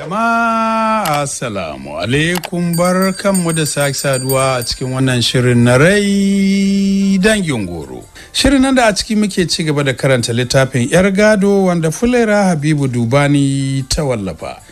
Jama'a Assalamu alaikum bar kanmu da sake saduwa a cikin wannan shirin na rai dangin goro. Shirin nan da a ciki muke ci gaba da karanta littafin 'yar gado wanda Fulera Habibu Dubani ta wallafa.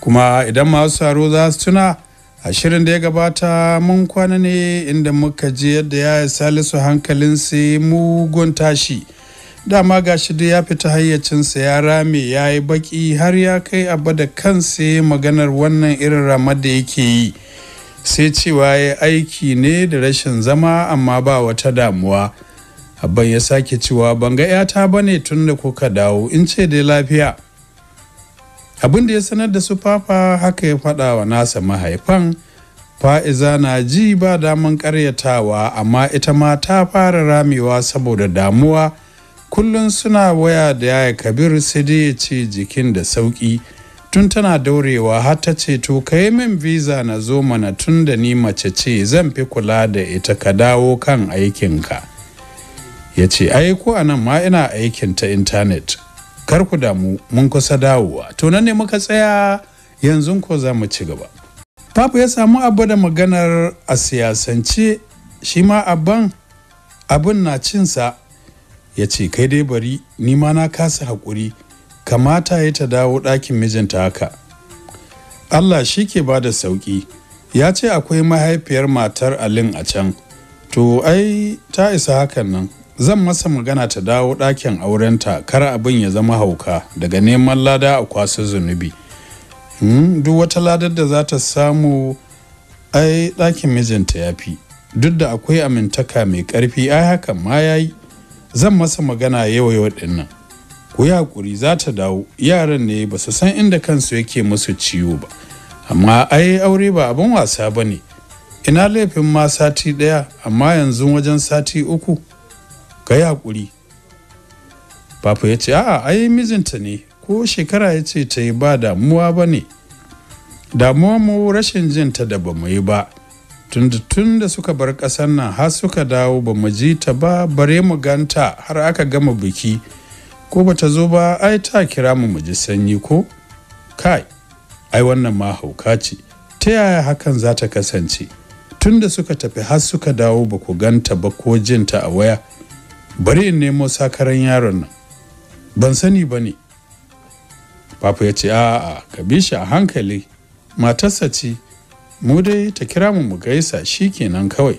Kuma idan masu saro za su tuna a shirin da ya gabata mun kwana ne inda muka je yadda ya yi salisu hankalin sai mugun tashi. dama ga shi duk ya fita hayyacinsa ya rame ya yi baki har ya kai abu da kansa maganar wannan irin ramar da yake yi sai cewa ya aiki ne da rashin zama amma ba wata damuwa abban ya sake cewa ban ga 'yata ba ne tun da kuka dawo in ce dai lafiya abin da ya sanar da su fafa haka ya faɗa wa nasa mahaifan fa'iza na ji ba daman ƙaryatawa amma ita ma ta fara ramewa saboda damuwa kullum suna waya da yaya kabir sai dai ya ce jikin da sauki tun tana daurewa har ta ce to ka yi min visa na zo mana tun da ni mace ce zan fi kula da ita ka dawo kan aikinka ya ce ai ko a nan ma ina aikin ta intanet kar ku damu mun kusa dawowa to nan ne muka tsaya yanzu ko za mu ci gaba Papu ya samu abu da maganar a siyasance shi ma abin na cinsa ya ce kai dai bari ni ma na kasa haƙuri kamata ya ta dawo ɗakin mijinta haka allah shi ke ba da sauƙi ya ce akwai mahaifiyar matar alin a can to ai ta isa hakan nan zan masa magana ta dawo ɗakin aurenta kar abin ya zama hauka daga neman lada a kwasa zunubi hmm, duk wata ladar da za ta samu ai ɗakin mijinta ya fi duk da akwai amintaka mai ƙarfi ai hakan ma ya yi zan masa magana yau yau ɗin nan ku yi hakuri za ta dawo yaran ne ba su san inda kansu yake musu ciwo ba amma ai aure ba abin wasa ba ne ina laifin ma sati ɗaya amma yanzu wajen sati uku ka yi hakuri Papa ya ce a'a ai mijinta ne ko shekara ya ce ta yi ba damuwa ba ne damuwa mu rashin jin ta da ba mu yi ba tunda tun da suka bar ƙasar nan har suka dawo ba mu ji ta ba bare mu ganta har aka gama biki ko ba ta zo ba ai ta kira mu mu ji sanyi ko kai ai wannan ma hauka ce ta yaya hakan za ta kasance tun da suka tafi har suka dawo ba ku ganta ba ko jinta a waya bari in nemo sakaran yaron nan ban sani ba ne papa ya ce a'a ka bi shi a hankali matarsa ce mu dai ta kira mu mu gaisa shi kenan kawai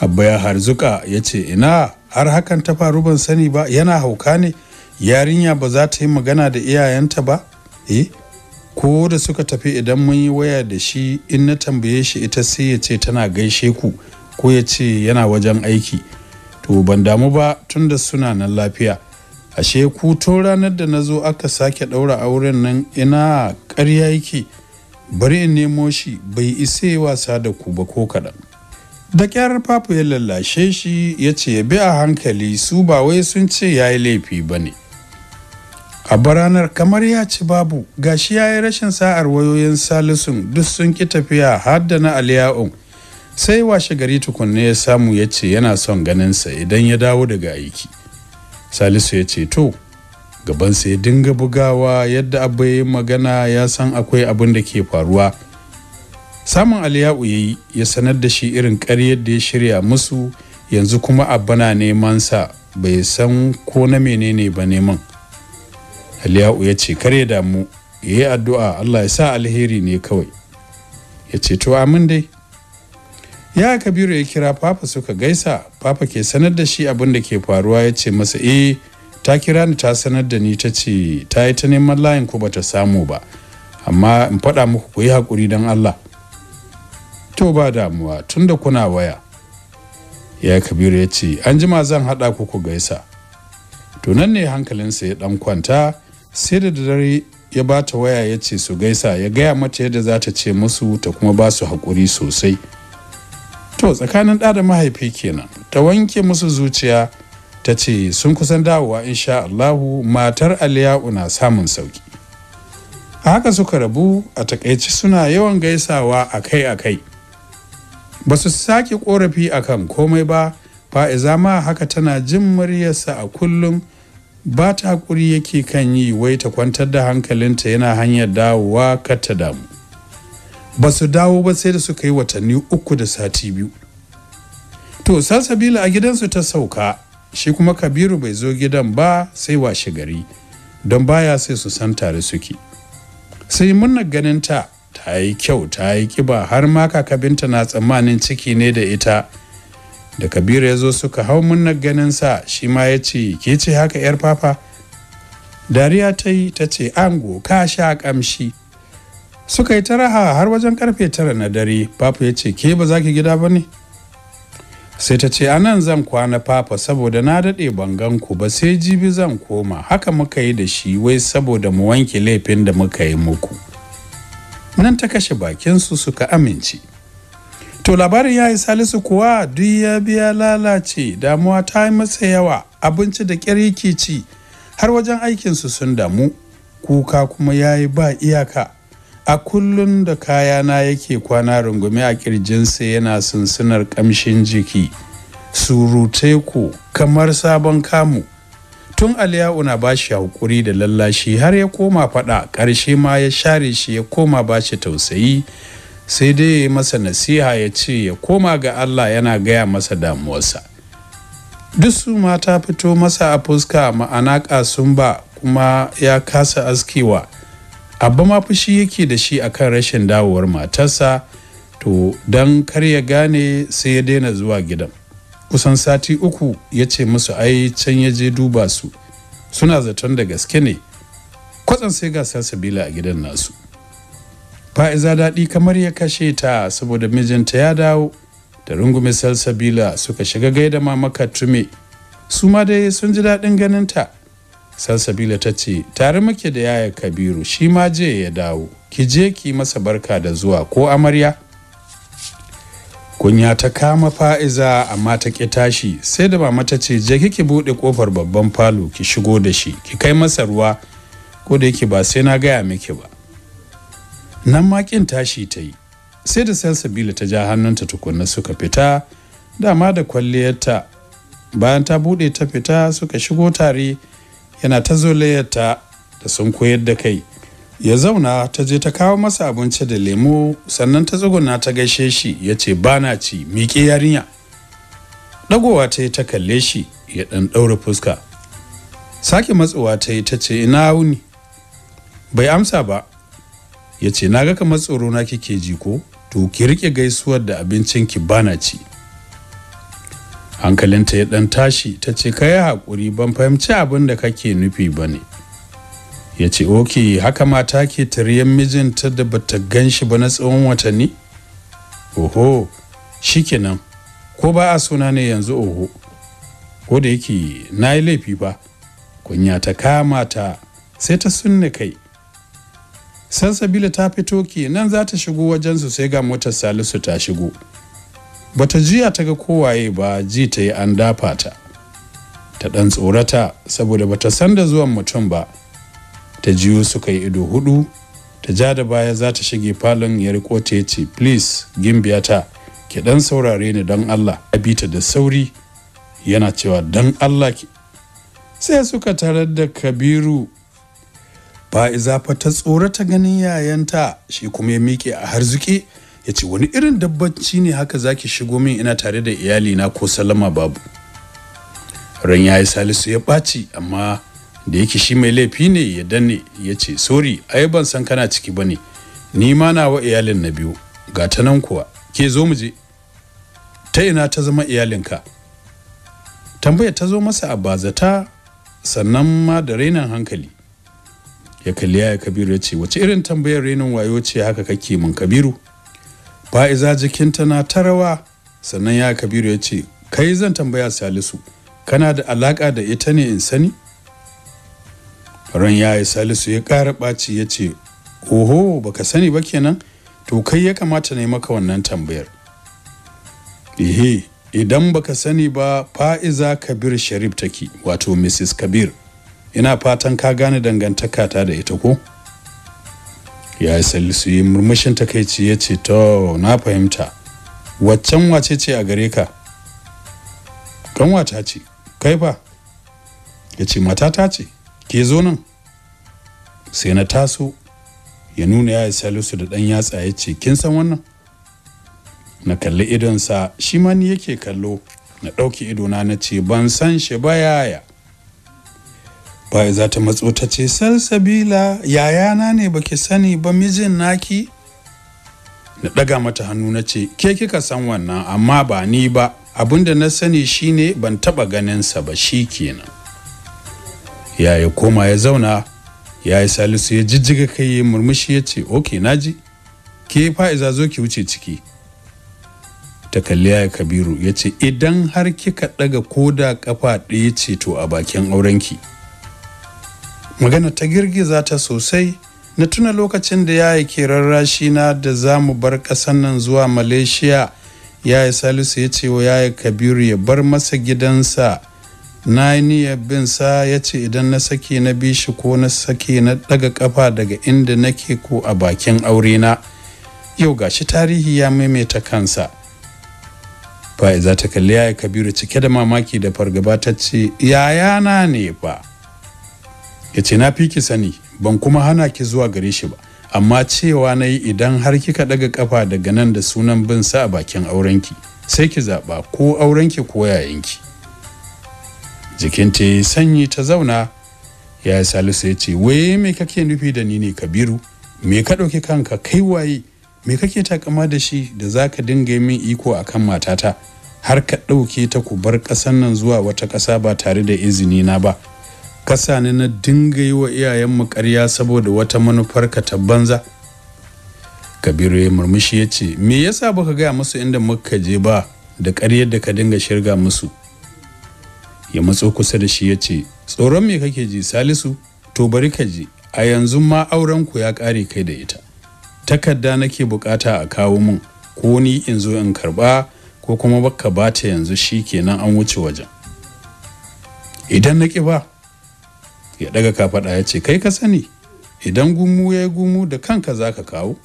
abba ya harzuka ya ce ina har hakan ta faru ban sani ba yana hauka ne yarinya ba za ta yi magana da iyayenta ba eh ko da suka tafi idan mun yi waya da shi in na tambaye shi ita sai ya ce tana gaishe ku ko ya ce yana wajen aiki to ban damu ba tun da suna nan lafiya ashe ku to ranar da na zo aka sake daura auren nan ina ƙarya yake bari in nemo shi bai isa ya wasa da ku ba ko kaɗan da kyar papu ya lallashe shi ya ce ya bi a hankali su ba wai sun ce ya yi laifi ba ne a baranar kamar ya ci babu gashi ya yi rashin sa'ar wayoyin salisun duk sun ki tafiya har da na aliya'un sai washe gari tukunne ya samu ya ce yana son ganin sa idan ya dawo daga aiki salisu ya ce to gabansa ya dinga bugawa yadda abu ya magana ya san akwai abin da ke faruwa samun aliyu yayi ya sanar da shi irin ƙaryar da ya shirya musu yanzu kuma abana neman sa bai san ko na menene ba neman aliyu ya ce kare damu ya yi addu'a allah ya sa alheri ne kawai ya ce to amin dai ya kabiru ya kira papa suka gaisa papa ke sanar da shi abin da ke faruwa ya ce masa eh ta kira ni ta sanar da ni ta ce ta yi ta neman layin ko bata samu ba amma in faɗa muku ku yi haƙuri don Allah to ba damuwa tun da kuna waya ya kabiru ya ce an jima zan haɗa ku ku gaisa to nan ne hankalinsa ya ɗan kwanta sai da dare ya ba ta waya ya ce su gaisa ya gaya mata yadda za ta ce musu ta kuma ba su haƙuri sosai to tsakanin ɗa da mahaifi kenan ta wanke musu zuciya ta ce sun kusan dawowa insha Allahu matar Aliyu na samun sauki. A haka suka rabu a takaici suna yawan gaisawa akai-akai. Ba su sake korafi akan komai ba, fa'iza ma haka tana jin muryarsa a kullum ba ta hakuri yake kan yi wai ta kwantar da hankalinta yana hanyar dawowa kar ta damu. Ba su dawo ba sai da suka yi watanni uku da sati biyu. To, Sabila a gidansu ta sauka shi kuma kabiru bai zo gidan ba sai washe gari don baya sai su san tare suke sai muna ganin ta ta yi kyau ta yi kiba har ma kakabinta na tsammanin ciki ne da ita da kabiru ya zo suka hau muna ganin sa shi ma ya ce ke ce haka yar papa dariya ta yi ta ce ango ka sha kamshi suka yi ta raha har wajen karfe tara na dare papa ya ce ke ba za ki gida ba ne sai ta ce anan zan kwana fafa saboda na daɗe bangan ku ba sai jibi zan koma haka muka yi da shi wai saboda mu wanke laifin da muka yi muku nan ta kashe bakin su suka amince to labarin ya yi salisu kuwa duk ya biya lalace damuwa ta yi masa yawa abinci da ƙyar ci har wajen aikinsu sun damu kuka kuma ya yi ba iyaka a kullum da kayana yake kwana rungume a kirjinsa yana sunsunar kamshin jiki surute ku kamar sabon kamu tun aliyu na shi haƙuri da lallashi har ya koma faɗa ƙarshe ma ya share shi ya koma ba shi tausayi sai dai ya masa nasiha ya ce ya koma ga allah yana gaya masa damuwarsa duk su mata fito masa a fuska ma'ana kasumba kuma ya kasa askewa abba ma fushi yake da shi akan rashin dawowar matarsa to don kar ya gane sai ya daina zuwa gidan kusan sati uku ya ce musu ai can ya je duba su suna zaton da gaske ne kwatsan sai ga salsabila a gidan nasu fa'iza daɗi kamar ya kashe ta saboda mijinta ya dawo da rungume salsabila suka shiga gaida mamaka tume su ma dai sun ji daɗin ta. salsabila ta ce tare muke da yaya kabiru shi ma je ya dawo ki je ki masa barka da zuwa ko amarya kunya ta kama fa'iza amma ta ƙi tashi sai da mama ta ce je kike buɗe ƙofar babban falo ki shigo da shi ki kai masa ruwa ko da yake ba sai na gaya miki ba nan ma ƙin tashi ta yi sai da salsabila ta ja hannunta tukunna suka fita dama da kwalliyarta bayan ta buɗe ta fita suka shigo tare yana ta zolayarta da sun koyar da kai ya zauna ta je ta kawo masa abinci da lemo sannan ta tsuguna ta gaishe shi ya ce bana ci miƙe yarinya ɗagowa ta yi ta kalle shi ya ɗan ɗaura fuska sake matsowa ta yi ta ce ina wuni bai amsa ba ya ce na ga kamar tsoro na kike ji ko to ki riƙe gaisuwar da abincin ki bana ci hankalinta ya dan tashi ta ce ka yi haƙuri ban fahimci abin da kake nufi ba ne ya ce oke haka mata ke tariyan mijinta da bata gan shi ba na tsawon watanni oho kenan, ko ba a suna ne yanzu oho ko da yake na yi laifi ba kunya ta kama ta sai ta sunne kai sansabila ta fito nan za ta shigo wajensu sai ga motar salisu ta shigo bata jiya ta ga kowaye ba ji ta yi an dafa ta ta ɗan tsorata saboda bata san da zuwan mutum ba ta jiyo suka yi ido hudu ta ja da baya za ta shige falon ya riko ta ya ce please gimbiya ta ki ɗan saurare ni don allah a bi ta da sauri yana cewa 'Dan allah ki sai suka tarar da kabiru fa'iza fa ta tsorata ganin yayanta shi kuma ya miƙe a harzuki ya ce wani irin dabbanci ne haka zaki shigo min ina tare da iyali na ko salama babu ran ya yi salisu ya ɓaci amma da yake shi mai laifi ne ya danne ya ce sori ai ban san kana ciki ba ne ni ma na wa iyalin na biyu ga ta nan kuwa ke zo mu je ta ina ta zama iyalinka tambaya ta zo masa a bazata sannan ma da rainan hankali ya kalli ya kabiru ya ce wace irin tambayar rainin wayo ce haka kake mun kabiru fa'iza jikinta na ta rawa sannan ya kabiru ya ce kai zan tambaya salisu kana da alaƙa da ita ne in sani ran yayi salisu ya ƙara ɓaci ya ce oho baka sani ba kenan to kai ya kamata na yi maka wannan tambayar Ehe idan baka sani ba fa'iza kabir sharif take wato mrs kabir ina fatan ka gane dangantaka ta da ita ko ya salisu yi murmushin takaici ya ce to na fahimta waccan wace ce a gare ka kanwata ce kai ba ya ce matata ce ke zo nan sai na taso ya nuna ya salisu da ɗan yatsa ya ce kin san wannan na kalli idonsa shi ma ni yake kallo na ɗauki idona na ce ban san shi ba yaya baya za ta matso ta ce salsabila yayana ne baki sani ba mijin naki na daga mata hannu na ce ke kika san wannan amma ba ni ba abinda na sani shine ban taba ganinsa ba shi kenan Ya yaya koma ya zauna ya yi salisu ya jijjiga kai ya murmushi ya ce ok naji ke fa'iza zo ki wuce ciki ta kalli yaya kabiru ya ce idan har kika daga koda kafa ɗaya ce to a bakin aurenki magana ta girgiza ta sosai na tuna lokacin da ya yi rarrashi na da za mu bar ƙasan nan zuwa malaysia ya yi salisu ya ce wa ya kabiru ya bar masa gidansa na yi niyyar bin sa ya ce idan na sake na bi shi ko na sake na daga kafa daga inda nake ko a bakin aure na yau gashi tarihi ya maimaita kansa Ba za ta kalli ya kabiru cike da mamaki da fargaba ta ce yayana ne ba ya ce na fi ki sani ban kuma hana ki zuwa gare shi ba amma cewa na yi idan har kika daga kafa daga nan da sunan bin sa a bakin aurenki sai ki zaɓa ko aurenki ko yayanki jikinta ya sanyi ta zauna ya yi salisu ya ce wai me kake nufi da ni ne kabiru me ka ɗauki kanka kai waye me kake takama da shi da za ka dinga min iko a kan matata har ka ɗauke ta ku bar ƙasan nan zuwa wata ƙasa ba tare da izini na ba kasa ne na dinga yi wa iyayenmu ƙarya saboda wata manufar ka ta banza kabiru ya murmushi ya ce me yasa baka gaya musu inda muka je ba da ƙaryar da ka dinga shirga musu ya matso kusa da shi ya ce tsoron me kake ji salisu to bari ka ji a yanzu ma auren ku ya ƙare kai da ita takarda nake bukata a kawo mun ko ni in zo in karba ko kuma baka bata yanzu shi kenan an wuce wajen idan na ƙi ba ya daga kafaɗa ya ce kai ka sani idan gumu ya yi gumu da kanka za ka kawo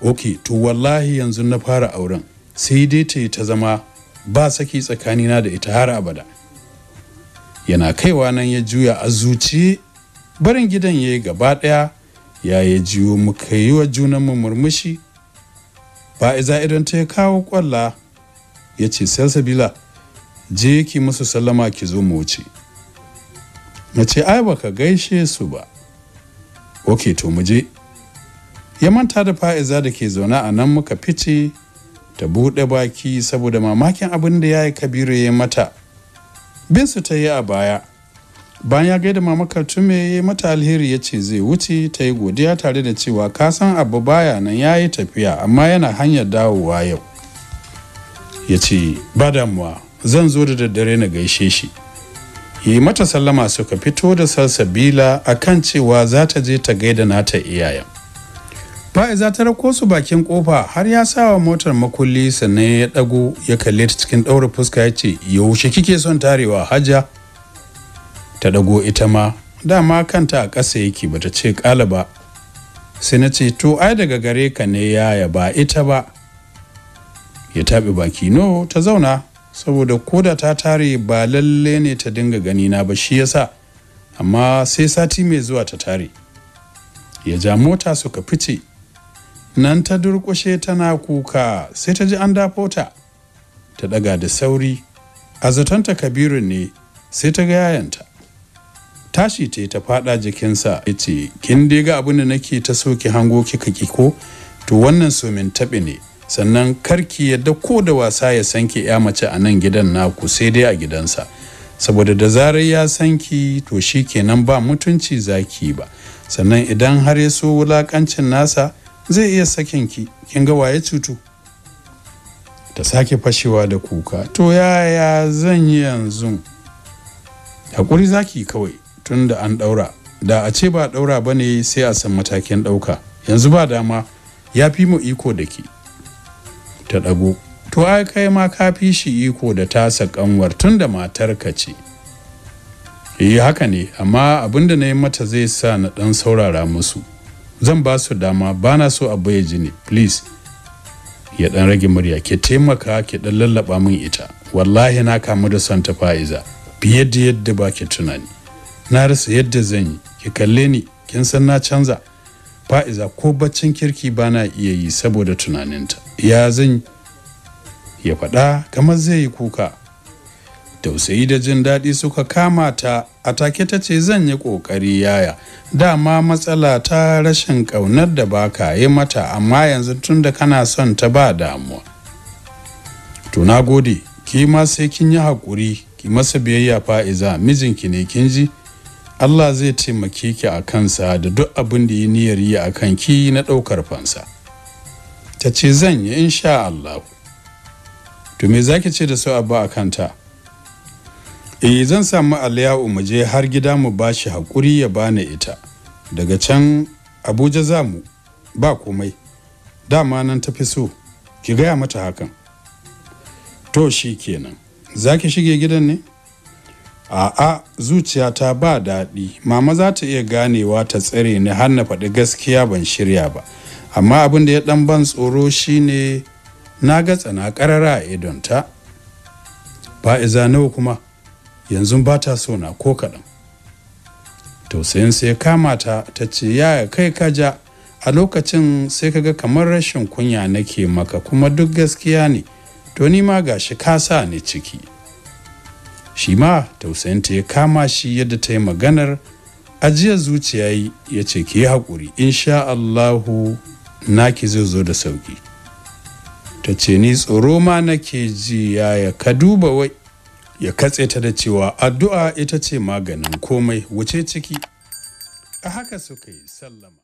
ok to wallahi yanzu na fara auren sai dai ta yi ta zama ba saki tsakanina da ita har abada yana kaiwa nan ya juya a zuci barin gidan ya yi gaba ɗaya ya yi jiwo muka yi wa junanmu murmushi ba iza idan ta ya kawo kwalla ya ce salsabila je ki musu sallama ki zo mu wuce na ce ai baka gaishe su ba ok to mu je ya manta da fa'iza da ke zaune a nan muka fice ta buɗe baki saboda mamakin abin da ya yi kabiru ya mata bin su ta yi a baya bayan ya gaida mama kaltume ya mata alheri ya ce zai wuce ta yi godiya tare da cewa ka san abu baya nan ya yi tafiya amma yana hanyar dawowa yau ya ce ba damuwa zan zo da daddare na gaishe shi yi mata sallama suka fito da salsabila a kan cewa za ta je ta gaida nata iyayen fa'iza ta rako su bakin kofa har ya sawa motar makulli sannan ya dago ya kalle ta cikin ɗaura fuska ya ce yaushe kike son tarewa hajja ta dago ita ma dama kanta a ƙasa yake bata ce ƙala ba sai na ce to ai daga gare ka ne yaya ba ita ba ya taɓi baki no ta zauna saboda koda ta tare ba lalle ne ta dinga gani na ba shi yasa amma sai sati mai zuwa ta tare ya ja mota suka fice nan ta durƙushe tana kuka sai ta ji an dafo ta ta daga da sauri a zatonta kabiru ne sai ta ga yayanta tashi ta ta fada jikinsa ya ce kin dai ga abin da nake ta soke hango kika ki ko to wannan somin taɓe ne sannan karki yadda ko da wasa ya sanke ya mace a nan gidan naku sai dai a gidansa saboda da zarar ya sanki to shi kenan ba mutunci zaki ba sannan idan har ya so wulakancin nasa zai iya sakin ki kin ga waye cutu ta sake fashewa da kuka to yaya zan yi yanzu hakuri zaki kawai tun da an daura da a ce ba daura bane sai a san matakin dauka yanzu ba dama ya fi mu iko da ki ta ɗago to ai kai ma ka fi shi iko da tasa ƙanwar tun da matar ka ce eh haka ne amma abin da na yi mata zai sa na ɗan saurara musu zan ba su dama ba na so a baya jini please ya ɗan rage murya ke taimaka ke ɗan lallaɓa min ita wallahi na kamu da son ta fa'iza fiye da yadda ba ke tunani na rasa yadda zan yi ki kalle ni kin san na canza fa'iza ko baccin kirki bana iya yi saboda tunaninta ya zan ya faɗa kamar zai yi kuka tausayi da jin daɗi suka kama ta a take ta ce zan yi ƙoƙari yaya dama matsala ta rashin ƙaunar da baka yi mata amma yanzu tun da kana son ta ba damuwa Tuna gode ki ma sai kin yi haƙuri ki masa biyayya fa'iza mijinki ne kin ji Allah zai taimake ki a kansa da duk abin da ya niyyar yi a kanki na ɗaukar fansa ta ce zan yi insha Allah to me ki ce da su abu a kanta eh zan samu aliyu mu je har gida mu ba shi hakuri ya bani ita daga can Abuja za mu ba komai dama nan tafi so ki gaya mata hakan to shi kenan za ki shige gidan ne a'a zuciyata ba daɗi mama za ta iya ganewa ta tsare ni har na faɗi gaskiya ban shirya ba amma abin da ya ɗan ban tsoro shine na ga tsana ƙarara a idonta Iza nawa kuma yanzu ba ta so na ko kaɗan tausayin sai kama ta ta ce yaya kai ka ja a lokacin sai ka ga kamar rashin kunya nake maka kuma duk gaskiya ne to ni ma gashi ka sa ni ciki shi ma ta ya kama shi yadda ta yi maganar ajiyar zuciya ya ce ki yi haƙuri insha Allahu naki zai zo da sauƙi ta ce ni tsoro ma nake ji ya ka duba wai ya katse ta da cewa addu'a ita ce maganin komai wuce ciki a haka suka yi sallama